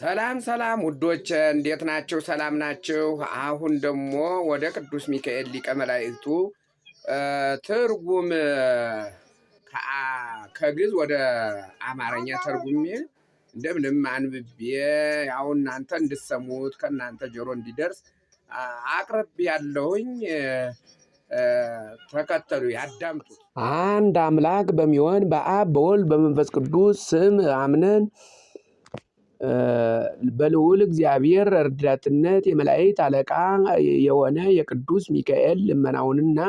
ሰላም ሰላም ውዶች እንዴት ናቸው? ሰላም ናቸው። አሁን ደግሞ ወደ ቅዱስ ሚካኤል ሊቀ መላእክቱ ትርጉም ከግዕዝ ወደ አማርኛ ተርጉሜ እንደምንም አንብቤ ያው እናንተ እንድሰሙት ከእናንተ ጆሮ እንዲደርስ አቅርብ ያለሁኝ ተከተሉ ያዳምጡት። አንድ አምላክ በሚሆን በአብ በወልድ በመንፈስ ቅዱስ ስም አምነን በልዑል እግዚአብሔር እርዳትነት የመላእክት አለቃ የሆነ የቅዱስ ሚካኤል ልመናውንና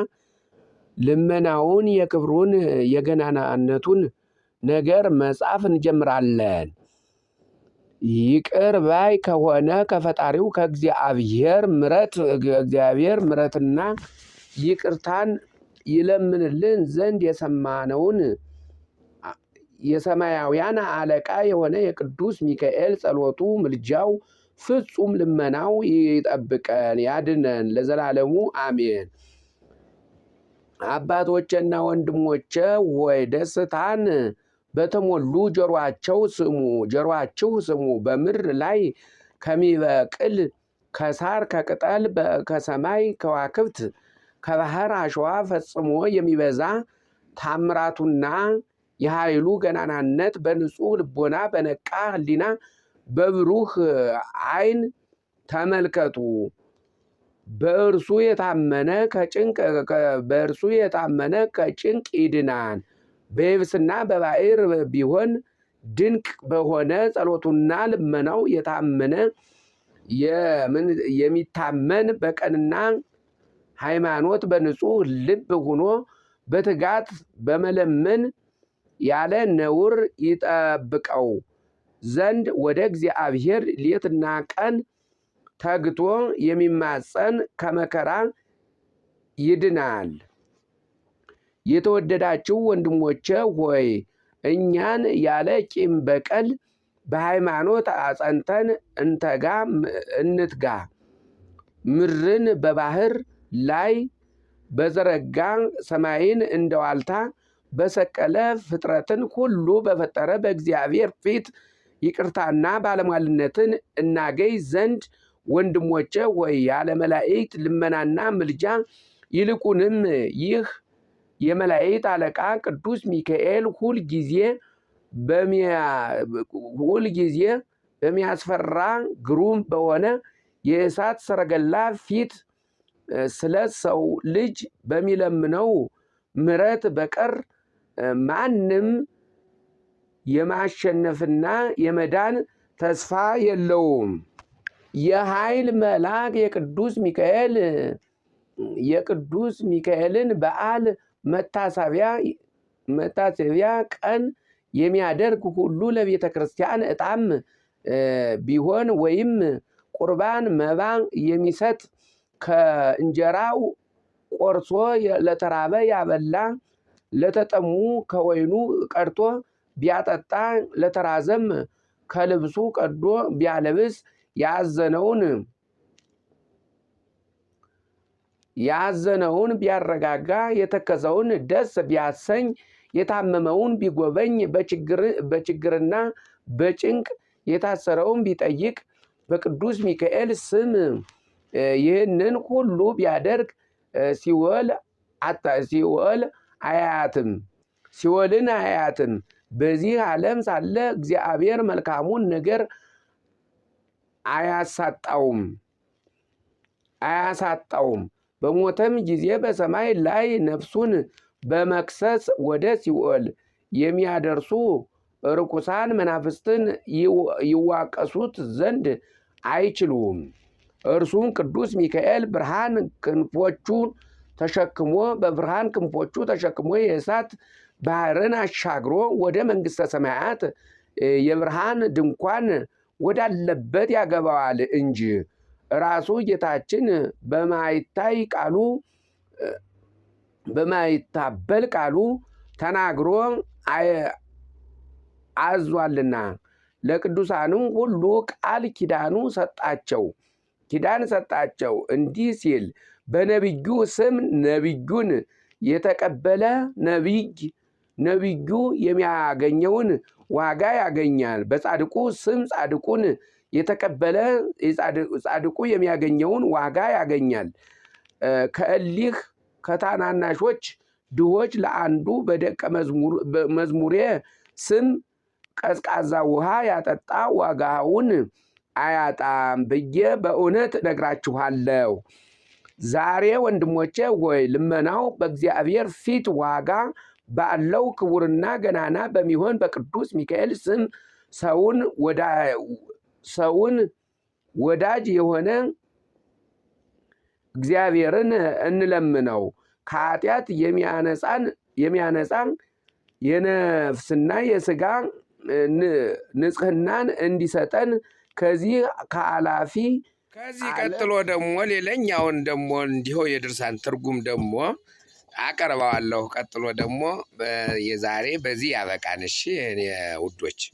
ልመናውን የክብሩን የገናናነቱን ነገር መጻፍ እንጀምራለን። ይቅር ባይ ከሆነ ከፈጣሪው ከእግዚአብሔር ምረት እግዚአብሔር ምረትና ይቅርታን ይለምንልን ዘንድ የሰማነውን የሰማያውያን አለቃ የሆነ የቅዱስ ሚካኤል ጸሎቱ፣ ምልጃው፣ ፍጹም ልመናው ይጠብቀን ያድነን ለዘላለሙ አሜን። አባቶቼና ወንድሞቼ ወይ ደስታን በተሞሉ ጆሯቸው ስሙ ጆሮአችሁ ስሙ። በምድር ላይ ከሚበቅል ከሳር ከቅጠል ከሰማይ ከዋክብት ከባህር አሸዋ ፈጽሞ የሚበዛ ታምራቱና የኃይሉ ገናናነት በንጹህ ልቦና በነቃ ህሊና በብሩህ አይን ተመልከቱ። በእርሱ የታመነ ከጭንቅ በእርሱ የታመነ ከጭንቅ ይድናን በየብስና በባዕር ቢሆን ድንቅ በሆነ ጸሎቱና ልመናው የታመነ የሚታመን በቀንና ሃይማኖት በንጹህ ልብ ሆኖ በትጋት በመለመን ያለ ነውር ይጠብቀው ዘንድ ወደ እግዚአብሔር ሌትና ቀን ተግቶ የሚማፀን ከመከራ ይድናል። የተወደዳችሁ ወንድሞቼ ሆይ እኛን ያለ ቂም በቀል በሃይማኖት አጸንተን እንተጋ እንትጋ ምድርን በባህር ላይ በዘረጋ ሰማይን እንደዋልታ በሰቀለ ፍጥረትን ሁሉ በፈጠረ በእግዚአብሔር ፊት ይቅርታና ባለሟልነትን እናገኝ ዘንድ ወንድሞቼ ሆይ ያለ መላእክት ልመናና ምልጃ ይልቁንም ይህ የመላእክት አለቃ ቅዱስ ሚካኤል ሁልጊዜ ጊዜ በሚያስፈራ ግሩም በሆነ የእሳት ሰረገላ ፊት ስለ ሰው ልጅ በሚለምነው ምሕረት በቀር ማንም የማሸነፍና የመዳን ተስፋ የለውም። የኃይል መልአክ የቅዱስ ሚካኤል የቅዱስ ሚካኤልን በዓል መታሰቢያ ቀን የሚያደርግ ሁሉ ለቤተ ክርስቲያን ዕጣም ቢሆን ወይም ቁርባን መባ የሚሰጥ ከእንጀራው ቆርሶ ለተራበ ያበላ ለተጠሙ ከወይኑ ቀድቶ ቢያጠጣ ለተራዘም ከልብሱ ቀዶ ቢያለብስ ያዘነውን ያዘነውን ቢያረጋጋ የተከዘውን ደስ ቢያሰኝ የታመመውን ቢጎበኝ በችግርና በጭንቅ የታሰረውን ቢጠይቅ በቅዱስ ሚካኤል ስም ይህንን ሁሉ ቢያደርግ ሲወል ሲወል አያያትም ሲወልን አያያትም። በዚህ ዓለም ሳለ እግዚአብሔር መልካሙን ነገር አያሳጣውም አያሳጣውም። በሞተም ጊዜ በሰማይ ላይ ነፍሱን በመክሰስ ወደ ሲኦል የሚያደርሱ ርኩሳን መናፍስትን ይዋቀሱት ዘንድ አይችሉም። እርሱም ቅዱስ ሚካኤል ብርሃን ክንፎቹን ተሸክሞ በብርሃን ክንፎቹ ተሸክሞ የእሳት ባህርን አሻግሮ ወደ መንግሥተ ሰማያት የብርሃን ድንኳን ወዳለበት ያገባዋል እንጂ ራሱ ጌታችን በማይታይ ቃሉ በማይታበል ቃሉ ተናግሮ አዟልና ለቅዱሳኑ ሁሉ ቃል ኪዳኑ ሰጣቸው ኪዳን ሰጣቸው እንዲህ ሲል በነቢዩ ስም ነቢዩን የተቀበለ ነቢይ ነቢዩ የሚያገኘውን ዋጋ ያገኛል። በጻድቁ ስም ጻድቁን የተቀበለ ጻድቁ የሚያገኘውን ዋጋ ያገኛል። ከእሊህ ከታናናሾች ድሆች ለአንዱ በደቀ መዝሙሬ ስም ቀዝቃዛ ውሃ ያጠጣ ዋጋውን አያጣም ብዬ በእውነት ነግራችኋለው። ዛሬ ወንድሞቼ ሆይ ልመናው በእግዚአብሔር ፊት ዋጋ ባለው ክቡርና ገናና በሚሆን በቅዱስ ሚካኤል ስም ሰውን ወዳጅ የሆነ እግዚአብሔርን እንለምነው። ከኃጢአት የሚያነጻን የነፍስና የስጋ ንጽህናን እንዲሰጠን ከዚህ ከአላፊ ከዚህ ቀጥሎ ደግሞ ሌላኛውን ደግሞ እንዲሁ የድርሳን ትርጉም ደግሞ አቀርበዋለሁ። ቀጥሎ ደግሞ የዛሬ በዚህ ያበቃን። እሺ ውዶች